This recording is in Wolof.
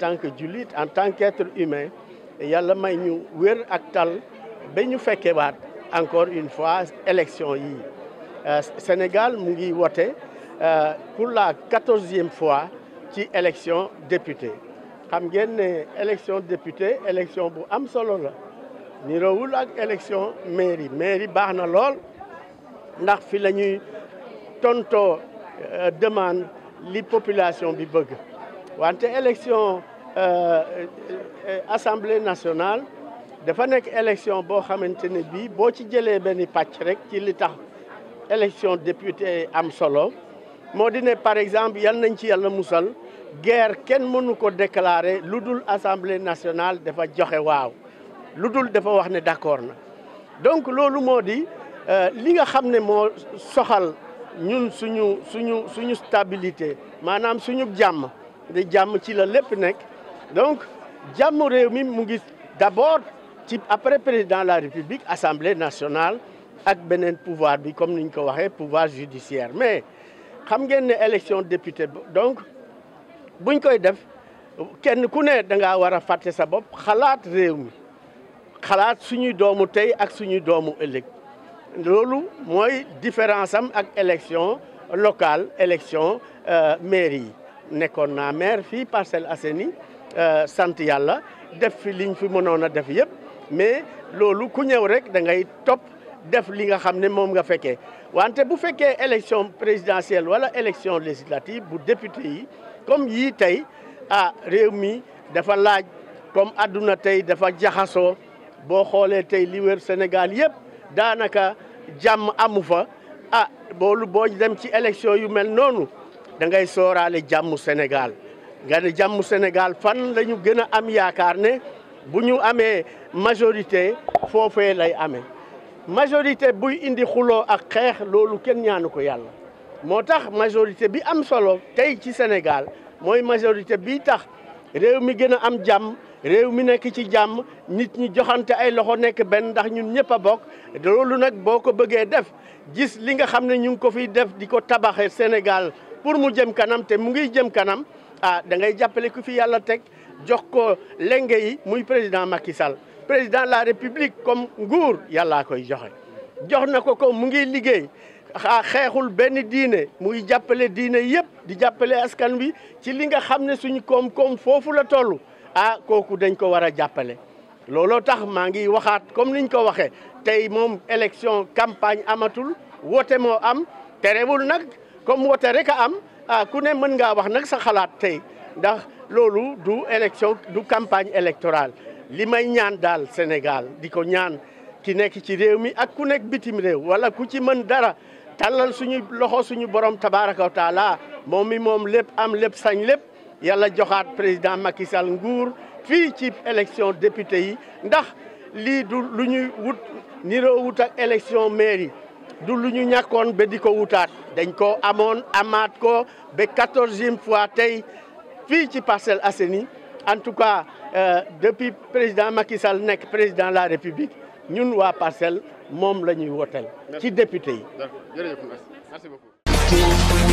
tant que jullit en tant qu'être humain yalla may ñu wër ak tal ba ñu féké waat encore une fois élection yi euh, Sénégal mu ngi wote euh, pour la quatorzième fois ci élection député xam ngeen élection député élection bu am solo la niroowul ak élection mairie mairie baxna lool ndax fi lañuy tonto euh, demande li population bi bëgg wante élection euh, euh, assemblée nationale dafa nek élection bo xamante bi bo ci jëlee benn patch rek ci li tax élection député am solo moo di par exemple yalla nañ ci yalla mussal guerre ken mënu ko déclarer ludul assemblée nationale dafa joxé waw ludul dul dafa wax né d'accord na donc lolu moo di euh, li nga xamné mo soxal ñun suñu suñu suñu stabilité manam suñu jamm di jamm ci la lepp nek donc jàmm réew mi mu ngi d'abord type après président de la république assemblée nationale ak beneen pouvoir bi comme ni ko waxee pouvoir judiciaire mais xam ngeen ne élection député donc buñ koy def kenn ku ne da ngaa war a fàtte sa bopp xalaat réew mi xalaat suñuy doomu tey ak suñuy doomu ëllëg loolu mooy différence am ak élection locale élection euh, mairie yi nekkoon naa maire fii Parcelles Assainies Euh, sant yàlla def fi liñ fi mënoon a def yëpp mais loolu ku ñëw rek da ngay topp def li nga xam ne moom nga fekkee wante bu fekkee élection présidentielle wala élection législative bu député yi comme yii tey ah réew mi dafa laaj comme àdduna tey dafa jaxasoo boo xoolee tey li wër Sénégal yëpp daanaka jàmm amu fa ah boolu boo dem ci élection yu mel noonu da ngay sooraale jàmmu Sénégal nga ne Sénégal fan le gëna a am yaakar ne bu amé majorité fofé lay amé majorité buy indi xulo ak xex lolu kenn majorité bi am solo tay ci Sénégal moy majorité bi tax réew mi gëna am jàmm réew mi nek ci nit ñi joxante ay loxo nek ben ndax ñun ñëpp bok def gis li nga xamné ñu ko fi def diko pour mu kanam mu kanam ah da ngay jappelé ku fi yalla tek jox ko lengue yi muy président Macky Sall président de la république comme ngour yalla koy joxe jox na ko ko mu ngi liggéey a ben diiné muy jappelé diiné yépp di jappelé askan bi ci li nga xamné suñu kom kom fofu la tollu ah koku dañ ko wara jappelé lolo tax ma ngi waxat comme niñ ko waxé tay mom élection campagne amatul woté mo am téréwul nag comme woté rek am ah ku ne mën ngaa wax nag sa xalaat tey ndax loolu du élection du campagne électorale li may ñaan daal Sénégal di ko ñaan ki nekk ci réew mi ak ku nekk bitim réew wala ku ci mën dara tàllal suñu loxo suñu borom tabaraka taala moom mi moom lépp am lépp sañ lépp yàlla joxaat président Macky Sall nguur fii ci élection député yi ndax lii du lu ñuy wut niroowut ak élection mairie nous lu ñu di dañ ko fois tay fi ci en tout cas euh, depuis président Macky Sall président de la République nous wa Parcelles mom lañuy ci député merci beaucoup.